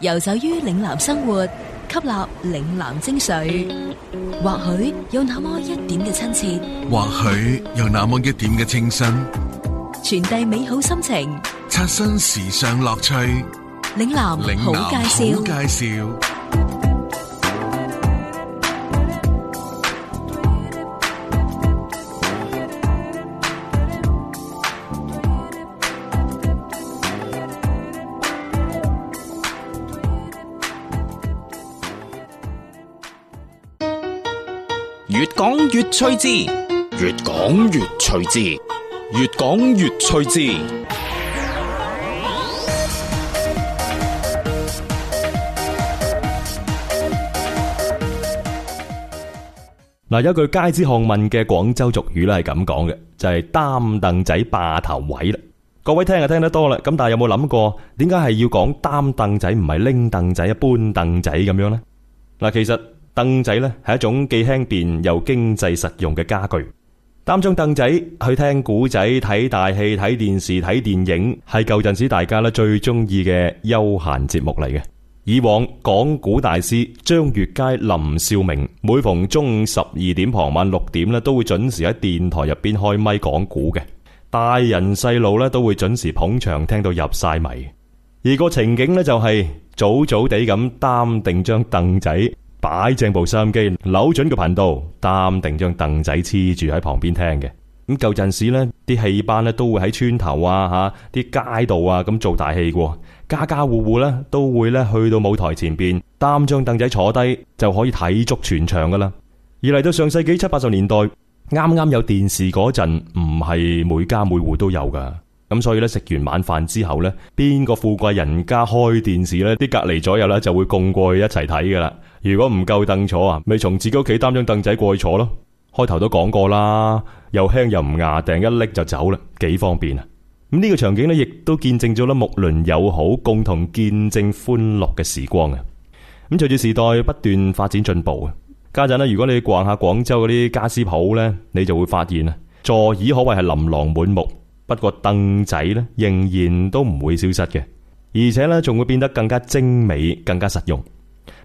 遊走於嶺南生活，吸納嶺南精髓，或許有那麼一點嘅親切，或許有那麼一點嘅清新，傳遞美好心情，刷新時尚樂趣。嶺南好介紹。愈愈趣之，越講越趣之。越講越趣字。嗱， 有一句街知巷聞嘅廣州俗語啦，係咁講嘅，就係、是、擔凳仔霸頭位啦。各位聽就聽得多啦，咁但係有冇諗過，點解係要講擔凳仔，唔係拎凳仔、一搬凳仔咁樣呢？嗱，其實。凳仔咧，係一種既輕便又經濟實用嘅家具。擔張凳仔去聽古仔、睇大戲、睇電視、睇電影，係舊陣時大家咧最中意嘅休閒節目嚟嘅。以往講古大師張悅楷、林兆明，每逢中午十二點、傍晚六點咧，都會準時喺電台入邊開咪講古嘅。大人細路咧都會準時捧場，聽到入晒迷。而個情景咧就係早早地咁擔定張凳仔。擺正部收音機，扭準個頻道，擔定張凳仔黐住喺旁邊聽嘅。咁舊陣時咧，啲戲班咧都會喺村頭啊、吓啲街道啊咁做大戲嘅，家家戶戶咧都會咧去到舞台前邊擔張凳仔坐低就可以睇足全場噶啦。而嚟到上世紀七八十年代，啱啱有電視嗰陣，唔係每家每戶都有噶。咁所以咧，食完晚飯之後咧，邊個富貴人家開電視咧？啲隔籬左右咧就會共過去一齊睇噶啦。如果唔夠凳坐啊，咪從自己屋企擔張凳仔過去坐咯。開頭都講過啦，又輕又唔牙定，一拎就走啦，幾方便啊！咁呢個場景咧，亦都見證咗咧睦鄰友好，共同見證歡樂嘅時光啊！咁隨住時代不斷發展進步啊，家陣咧，如果你去逛下廣州嗰啲家私鋪咧，你就會發現啊，座椅可謂係琳琅滿目。不過凳仔咧，仍然都唔會消失嘅，而且咧仲會變得更加精美、更加實用。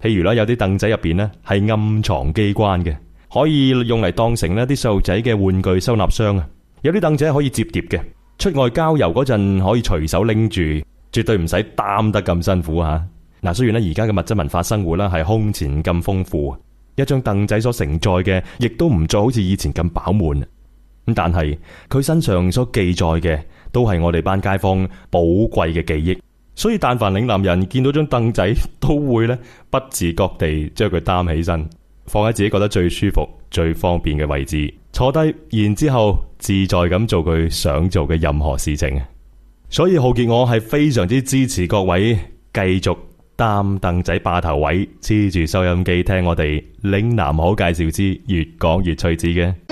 譬如啦，有啲凳仔入邊咧係暗藏機關嘅，可以用嚟當成呢啲細路仔嘅玩具收納箱啊。有啲凳仔可以折疊嘅，出外郊遊嗰陣可以隨手拎住，絕對唔使擔得咁辛苦吓。嗱，雖然咧而家嘅物質文化生活啦係空前咁豐富，一張凳仔所承載嘅亦都唔再好似以前咁飽滿。咁但係佢身上所記載嘅，都係我哋班街坊寶貴嘅記憶。所以但凡嶺南人見到張凳仔，都會咧不自覺地將佢擔起身，放喺自己覺得最舒服、最方便嘅位置坐低，然之後自在咁做佢想做嘅任何事情啊！所以浩杰，我係非常之支持各位繼續擔凳仔霸頭位，黐住收音機聽我哋嶺南好介紹之越講越趣子嘅。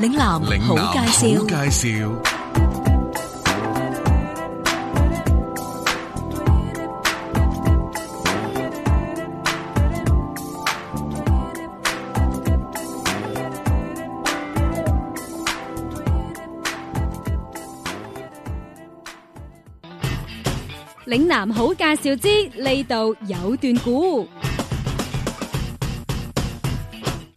嶺南好介紹，嶺南好介紹。嶺南好介紹之呢度有段古。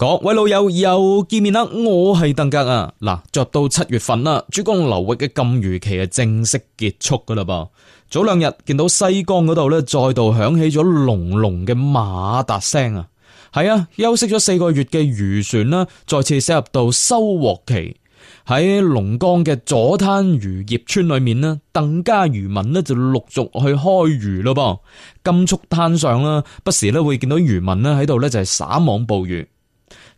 各位、哦、老友又見面啦！我係鄧格啊。嗱，着到七月份啦，珠江流域嘅禁漁期啊，正式結束噶啦噃。早兩日見到西江嗰度咧，再度響起咗隆隆嘅馬達聲啊。係啊，休息咗四個月嘅漁船啦，再次駛入到收穫期。喺龍江嘅左灘漁業村裏面呢，鄧家漁民呢就陸續去開漁咯。噃金觸灘上啦，不時咧會見到漁民呢喺度咧就係撒網捕魚。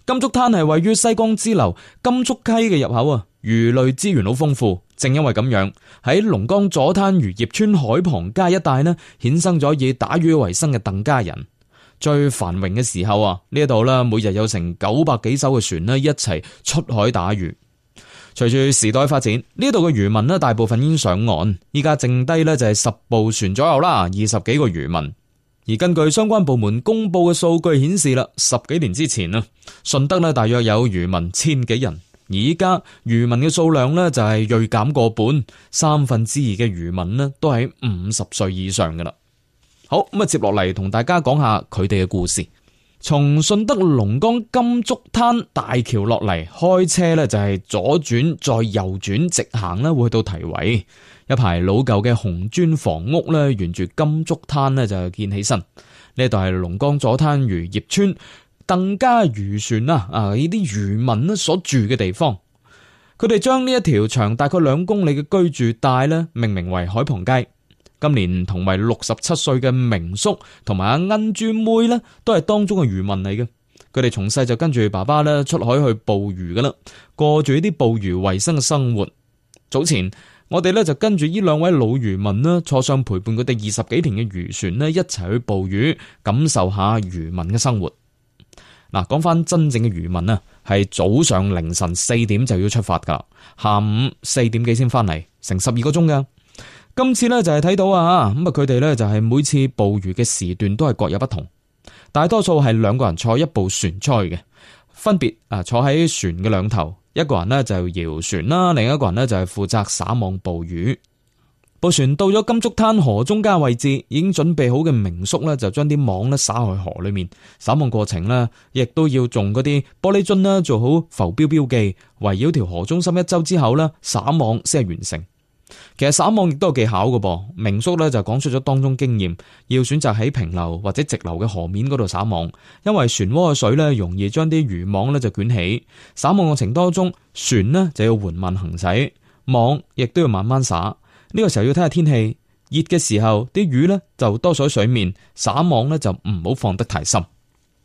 金竹灘係位於西江支流金竹溪嘅入口啊，魚類資源好豐富。正因為咁樣，喺龍江左灘漁業村海旁街一帶呢，衍生咗以打漁為生嘅鄧家人。最繁榮嘅時候啊，呢度呢每日有成九百幾艘嘅船呢，一齊出海打漁。隨住時代發展，呢度嘅漁民呢，大部分已經上岸，依家剩低呢就係十部船左右啦，二十幾個漁民。而根據相關部門公布嘅數據顯示啦，十幾年之前啊，順德呢大約有漁民千幾人，而依家漁民嘅數量呢，就係銳減過半，三分之二嘅漁民呢，都喺五十歲以上㗎啦。好，咁啊接落嚟同大家講下佢哋嘅故事。從順德龍江金竹灘大橋落嚟，開車呢就係左轉再右轉，直行呢，會去到堤圍。一排老舊嘅紅磚房屋咧，沿住金竹灘咧就建起身。呢度係龍江左灘漁業村鄧家漁船啦，啊呢啲漁民咧所住嘅地方。佢哋將呢一條長大概兩公里嘅居住帶咧，命名為海傍街。今年同埋六十七歲嘅明叔同埋阿恩珠妹咧，都係當中嘅漁民嚟嘅。佢哋從細就跟住爸爸咧出海去捕魚噶啦，過住呢啲捕魚維生嘅生活。早前。我哋咧就跟住呢兩位老漁民呢，坐上陪伴佢哋二十幾年嘅漁船呢，一齊去捕魚，感受下漁民嘅生活。嗱，講翻真正嘅漁民啊，係早上凌晨四點就要出發噶，下午四點幾先翻嚟，成十二個鐘噶。今次呢，就係睇到啊，咁啊佢哋呢，就係每次捕魚嘅時段都係各有不同，大多數係兩個人坐一部船出去嘅，分別啊坐喺船嘅兩頭。一個人咧就搖船啦，另一個人咧就係負責撒網捕魚。佈船到咗金竹灘河中間位置，已經準備好嘅明叔咧就將啲網咧撒去河裏面。撒網過程呢，亦都要用嗰啲玻璃樽啦，做好浮標標記，圍繞條河中心一周之後呢，撒網先係完成。其實撒網亦都有技巧噶噃，明叔咧就講出咗當中經驗，要選擇喺平流或者直流嘅河面嗰度撒網，因為漩渦嘅水咧容易將啲漁網咧就捲起。撒網過程當中，船呢就要緩慢行駛，網亦都要慢慢撒。呢個時候要睇下天氣，熱嘅時候啲魚呢就多水喺水面，撒網呢就唔好放得太深。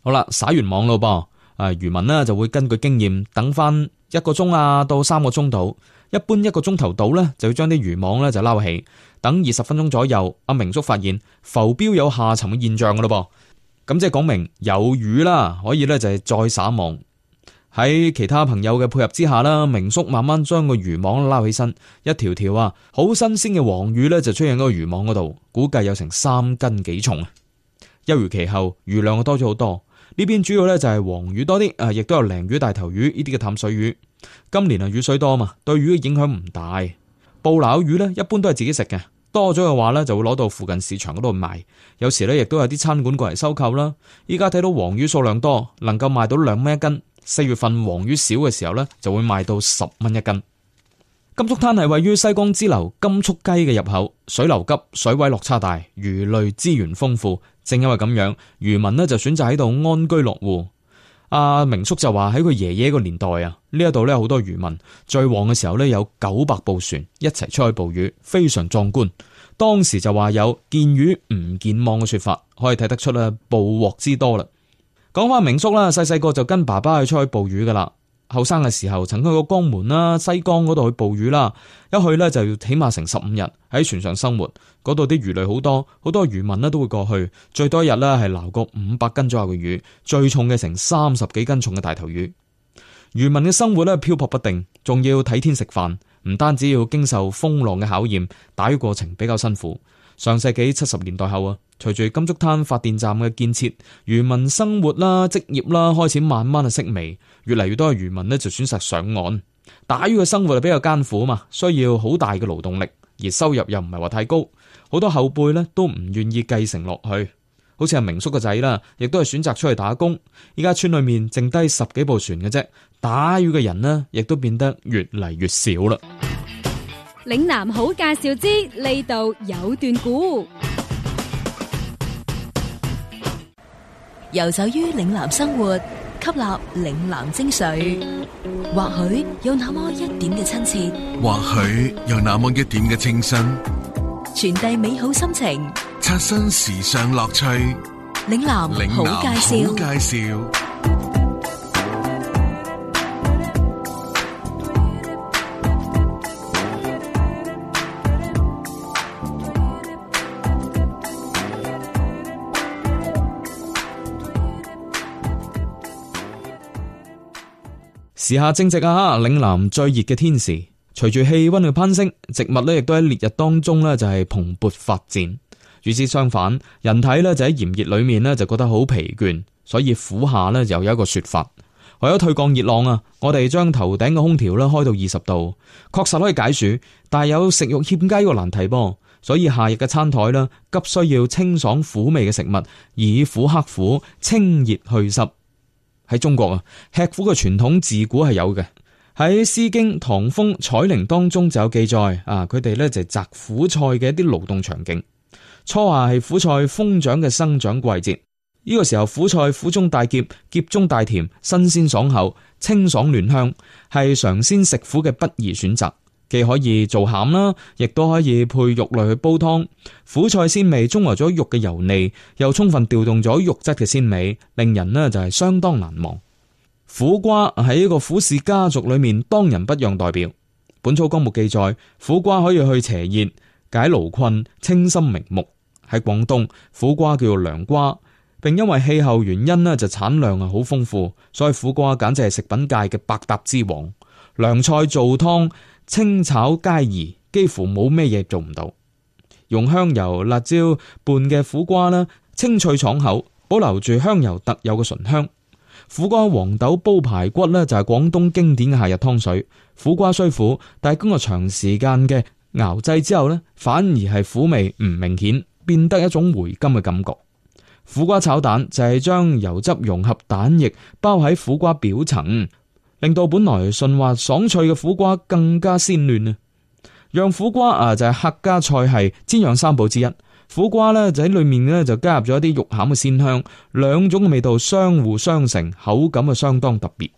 好啦，撒完網咯噃，啊漁民呢就會根據經驗等翻一個鐘啊到三個鐘度。一般一個鐘頭到呢，就要將啲漁網呢就撈起，等二十分鐘左右。阿明叔發現浮標有下沉嘅現象嘅咯噃，咁即係講明有魚啦，可以呢就係再撒網。喺其他朋友嘅配合之下啦，明叔慢慢將個漁網撈起身，一條條啊，好新鮮嘅黃魚呢就出現喺個漁網嗰度，估計有成三斤幾重啊。休漁期後，魚量多咗好多，呢邊主要呢就係黃魚多啲，啊，亦都有鯪魚、大頭魚呢啲嘅淡水魚。今年啊雨水多嘛，對魚嘅影響唔大。捕撈魚呢，一般都係自己食嘅，多咗嘅話呢，就會攞到附近市場嗰度賣。有時呢，亦都有啲餐館過嚟收購啦。依家睇到黃魚數量多，能夠賣到兩蚊一斤。四月份黃魚少嘅時候呢，就會賣到十蚊一斤。金竹灘係位於西江支流金竹溪嘅入口，水流急，水位落差大，魚類資源豐富。正因為咁樣，漁民呢就選擇喺度安居落戶。阿明叔就話喺佢爺爺個年代啊，呢一度咧好多漁民，最旺嘅時候咧有九百部船一齊出去捕魚，非常壯觀。當時就話有見魚唔見網嘅說法，可以睇得出啦，捕獲之多啦。講翻明叔啦，細細個就跟爸爸去出去捕魚噶啦。後生嘅時候，曾經去過江門啦、西江嗰度去捕魚啦。一去呢，就要起碼成十五日喺船上生活。嗰度啲魚類好多，好多漁民咧都會過去。最多一日呢，係撈個五百斤左右嘅魚，最重嘅成三十幾斤重嘅大頭魚。漁民嘅生活咧漂泊不定，仲要睇天食飯，唔單止要經受風浪嘅考驗，打魚過程比較辛苦。上世紀七十年代後啊。隨住金竹灘發電站嘅建設，漁民生活啦、職業啦，開始慢慢啊式微，越嚟越多嘅漁民呢，就選擇上岸。打魚嘅生活就比較艱苦嘛，需要好大嘅勞動力，而收入又唔係話太高，好多後輩呢，都唔願意繼承落去，好似阿明叔個仔啦，亦都係選擇出去打工。依家村裏面剩低十幾部船嘅啫，打魚嘅人呢，亦都變得越嚟越少啦。嶺南好介紹之呢度有段古。遊走於嶺南生活，吸納嶺南精髓，或許有那麼一點嘅親切，或許有那麼一點嘅清新，傳遞美好心情，刷新時尚樂趣。嶺南好介紹，好介紹。時下正值啊，嶺南最熱嘅天時，隨住氣溫嘅攀升，植物咧亦都喺烈日當中咧就係蓬勃發展。與此相反，人體咧就喺炎熱裏面咧就覺得好疲倦，所以苦夏咧有一個說法，為咗退降熱浪啊，我哋將頭頂嘅空調咧開到二十度，確實可以解暑，但係有食欲欠佳個難題噃。所以夏日嘅餐台呢，急需要清爽苦味嘅食物，以苦克苦，清熱去濕。喺中國啊，吃苦嘅傳統自古係有嘅。喺《詩經》《唐風》《采苓》當中就有記載，啊，佢哋咧就摘、是、苦菜嘅一啲勞動場景。初夏係苦菜瘋長嘅生長季節，呢、這個時候苦菜苦中帶澀，澀中帶甜，新鮮爽口，清爽嫩香，係嘗鮮食苦嘅不二選擇。既可以做餡啦，亦都可以配肉類去煲湯。苦菜鮮味，中和咗肉嘅油膩，又充分調動咗肉質嘅鮮味，令人呢就係、是、相當難忘。苦瓜喺一個苦事家族裏面當仁不讓代表。本草綱目記載，苦瓜可以去邪熱、解勞困、清心明目。喺廣東，苦瓜叫做涼瓜，並因為氣候原因呢就產量係好豐富，所以苦瓜簡直係食品界嘅百搭之王。涼菜做湯，清炒皆宜，幾乎冇咩嘢做唔到。用香油辣椒拌嘅苦瓜啦，清脆爽口，保留住香油特有嘅醇香。苦瓜黃豆煲排骨咧，就係廣東經典嘅夏日湯水。苦瓜雖苦，但係經過長時間嘅熬製之後咧，反而係苦味唔明顯，變得一種回甘嘅感覺。苦瓜炒蛋就係將油汁融合蛋液，包喺苦瓜表層。令到本來順滑爽脆嘅苦瓜更加鮮嫩啊！釀苦瓜啊就係客家菜系煎釀三寶之一，苦瓜呢就喺裏面呢，就加入咗一啲肉餡嘅鮮香，兩種嘅味道相互相成，口感啊相當特別。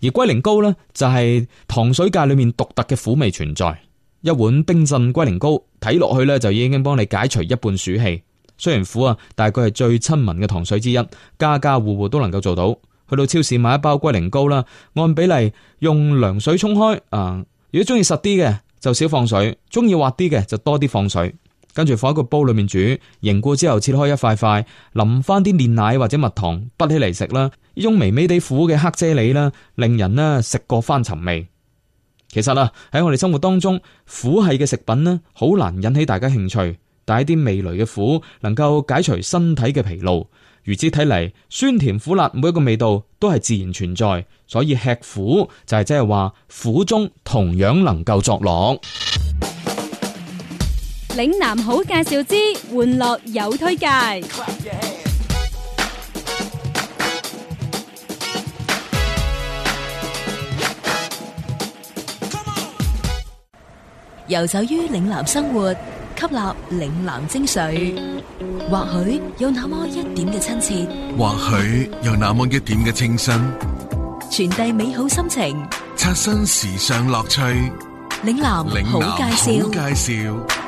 而龜苓膏呢，就係、是、糖水界裏面獨特嘅苦味存在，一碗冰鎮龜苓膏睇落去呢，就已經幫你解除一半暑氣。雖然苦啊，但係佢係最親民嘅糖水之一，家家戶戶都能夠做到。去到超市買一包龜苓膏啦，按比例用涼水沖開。啊，如果中意實啲嘅就少放水，中意滑啲嘅就多啲放水。跟住放喺個煲裏面煮，凝固之後切開一塊塊，淋翻啲煉奶或者蜜糖，滗起嚟食啦。呢種微微地苦嘅黑啫喱啦，令人呢食過翻尋味。其實啊，喺我哋生活當中，苦係嘅食品呢，好難引起大家興趣，但係啲味蕾嘅苦能夠解除身體嘅疲勞。如此睇嚟，酸甜苦辣每一個味道都係自然存在，所以吃苦就係即係話苦中同樣能夠作樂。嶺南好介紹之，玩樂有推介，遊 走於嶺南生活，吸納嶺南精髓，或許有那麼一點嘅親切，或許有那麼一點嘅清新，傳遞美好心情，刷新時尚樂趣。嶺南好介紹，嶺南好介紹。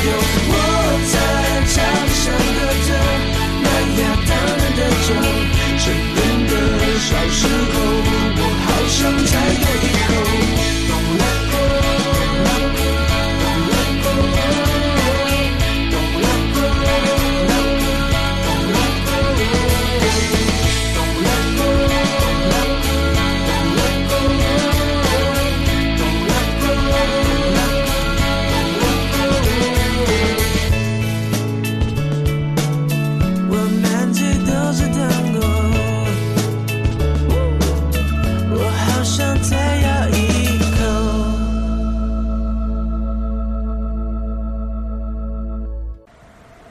小時候，我好想再多一。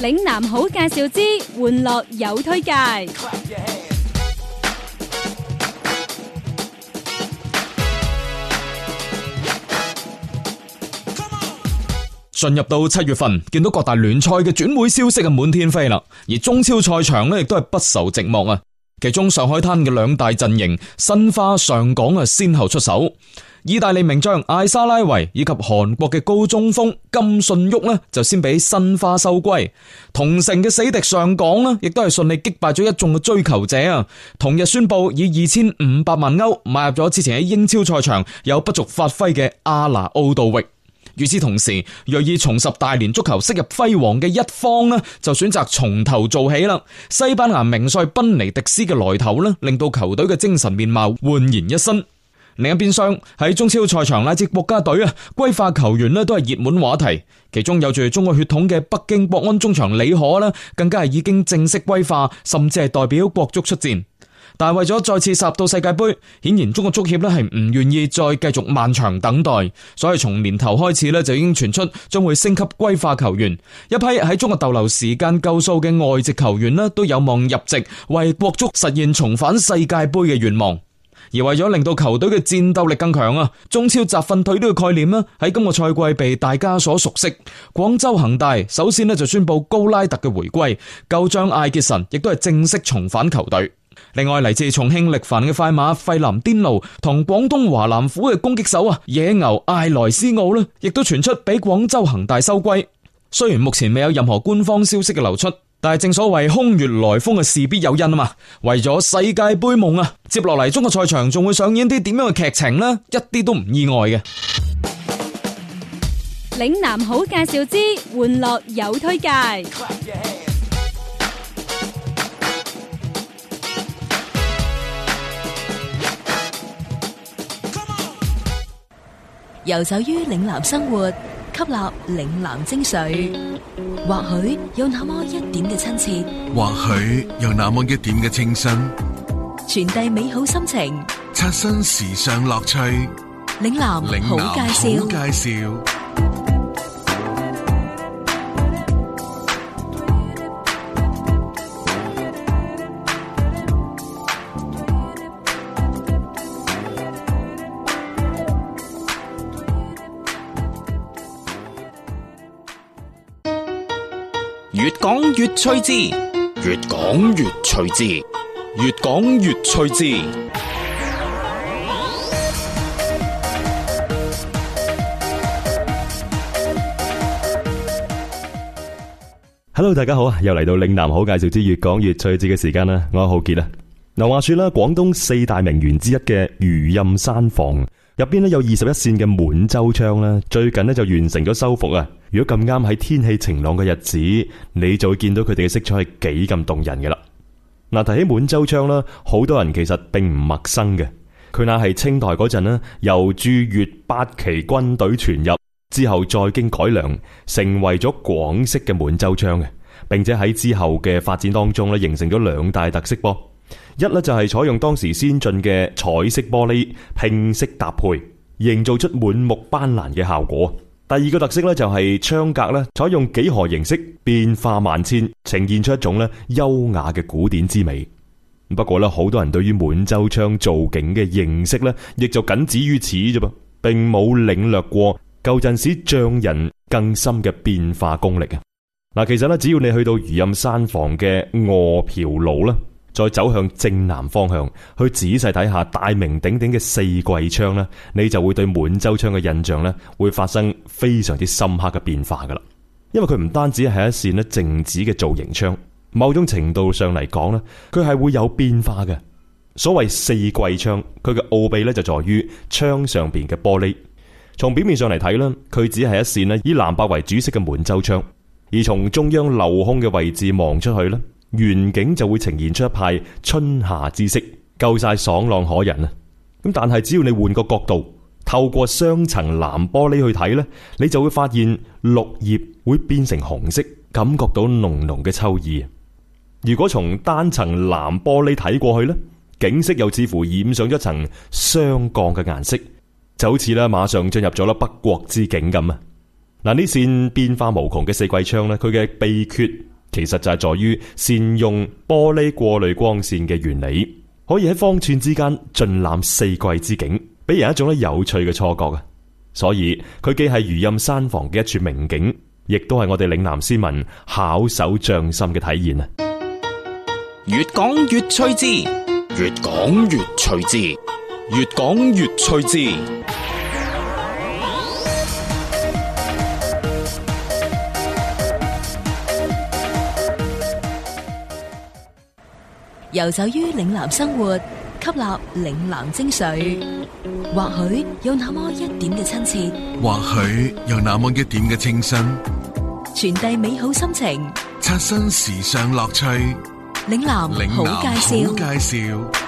嶺南好介紹之，玩樂有推介。進入到七月份，見到各大聯賽嘅轉會消息啊，滿天飛啦。而中超賽場呢，亦都係不愁寂寞啊。其中上海灘嘅兩大陣營，申花、上港啊，先後出手。意大利名將艾莎拉維以及韓國嘅高中鋒金信煜咧，就先俾申花收歸。同城嘅死敵上港咧，亦都係順利擊敗咗一眾嘅追求者啊！同日宣布以二千五百萬歐買入咗之前喺英超賽場有不俗發揮嘅阿拿奧杜域。與此同時，銳意重拾大連足球昔日輝煌嘅一方咧，就選擇從頭做起啦。西班牙名帥賓尼迪斯嘅來頭咧，令到球隊嘅精神面貌煥然一新。另一邊廂喺中超賽場乃至國家隊啊，歸化球員咧都係熱門話題。其中有住中國血統嘅北京國安中場李可咧，更加係已經正式歸化，甚至係代表國足出戰。但係為咗再次殺到世界杯，顯然中國足協咧係唔願意再繼續漫長等待，所以從年頭開始呢就已經傳出將會升級歸化球員，一批喺中國逗留時間夠數嘅外籍球員呢，都有望入籍，為國足實現重返世界杯嘅願望。而為咗令到球隊嘅戰鬥力更強啊，中超集訓隊呢個概念呢，喺今個賽季被大家所熟悉。廣州恒大首先呢就宣布高拉特嘅回歸，舊將艾杰臣亦都係正式重返球隊。另外，嚟自重慶力帆嘅快馬費林·端奴同廣東華南虎嘅攻擊手啊，野牛艾萊斯奧呢，亦都傳出俾廣州恆大收歸。雖然目前未有任何官方消息嘅流出，但係正所謂空穴來風啊，事必有因啊嘛。為咗世界杯夢啊，接落嚟中國賽場仲會上演啲點樣嘅劇情呢？一啲都唔意外嘅。嶺南好介紹之，玩樂有推介。遊走於嶺南生活，吸納嶺南精髓，或許有那麼一點嘅親切，或許有那麼一點嘅清新，傳遞美好心情，刷新時尚樂趣。嶺南好介紹，好介紹。趣致，越講越趣致，越講越趣致。Hello，大家好啊，又嚟到嶺南好介紹之越講越趣致嘅時間啦，我係浩杰啊。嗱，話說啦，廣東四大名園之一嘅餘蔭山房。入邊咧有二十一扇嘅滿洲窗啦，最近咧就完成咗修復啊！如果咁啱喺天氣晴朗嘅日子，你就會見到佢哋嘅色彩係幾咁動人嘅啦。嗱，提起滿洲窗啦，好多人其實並唔陌生嘅。佢那係清代嗰陣咧由駐粵八旗軍隊傳入之後再經改良，成為咗廣式嘅滿洲窗嘅，並且喺之後嘅發展當中咧形成咗兩大特色噃。一咧就係採用當時先進嘅彩色玻璃拼色搭配，營造出滿目斑斕嘅效果。第二個特色咧就係窗格咧採用幾何形式，變化萬千，呈現出一種咧優雅嘅古典之美。不過咧，好多人對於滿洲窗造景嘅認識咧，亦就僅止於此啫噃，並冇領略過舊陣時匠人更深嘅變化功力嘅。嗱，其實咧，只要你去到余蔭山房嘅臥瓢廬啦。再走向正南方向去仔細睇下大名鼎鼎嘅四季窗咧，你就會對滿洲窗嘅印象咧會發生非常之深刻嘅變化噶啦。因為佢唔單止係一扇咧靜止嘅造型窗，某種程度上嚟講咧，佢係會有變化嘅。所謂四季窗，佢嘅奧秘咧就在於窗上邊嘅玻璃。從表面上嚟睇呢，佢只係一扇咧以藍白為主色嘅滿洲窗，而從中央鏤空嘅位置望出去呢。遠景就會呈現出一派春夏之色，夠晒爽朗可人啊！咁但係只要你換個角度，透過雙層藍玻璃去睇咧，你就會發現綠葉會變成紅色，感覺到濃濃嘅秋意。如果從單層藍玻璃睇過去咧，景色又似乎染上一層霜降嘅顏色，就好似咧馬上進入咗啦北國之景咁啊！嗱，呢扇變化無窮嘅四季窗咧，佢嘅秘訣。其實就係在於善用玻璃過濾光線嘅原理，可以喺方寸之間盡覽四季之景，俾人一種咧有趣嘅錯覺啊！所以佢既係餘蔭山房嘅一處名景，亦都係我哋嶺南詩文巧手匠心嘅體現啊！越講越趣致，越講越趣致，越講越趣致。遊走於嶺南生活，吸納嶺南精髓，或許有那麼一點嘅親切，或許有那麼一點嘅清新，傳遞美好心情，刷新時尚樂趣。嶺南好介紹。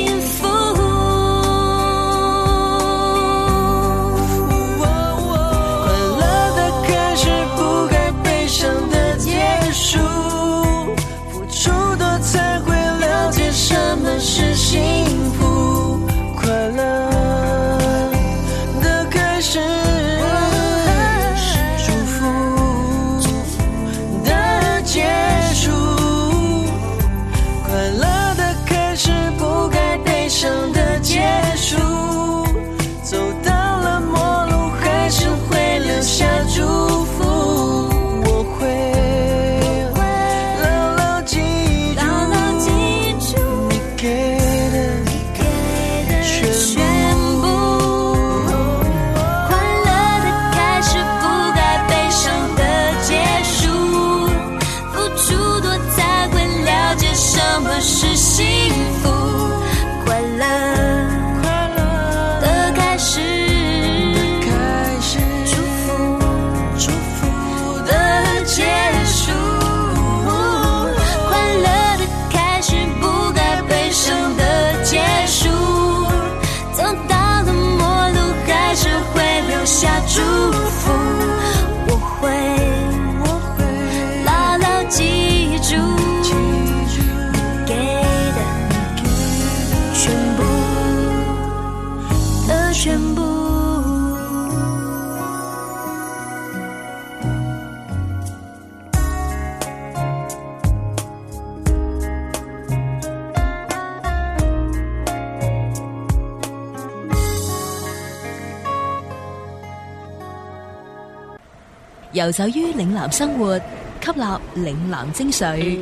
遊走於嶺南生活，吸納嶺南精髓，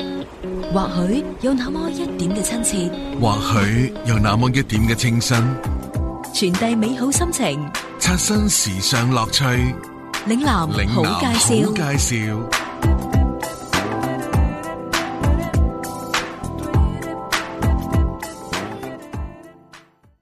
或許有那麼一點嘅親切，或許有那麼一點嘅清新，傳遞美好心情，刷新時尚樂趣。嶺南好介紹，嶺南好介紹。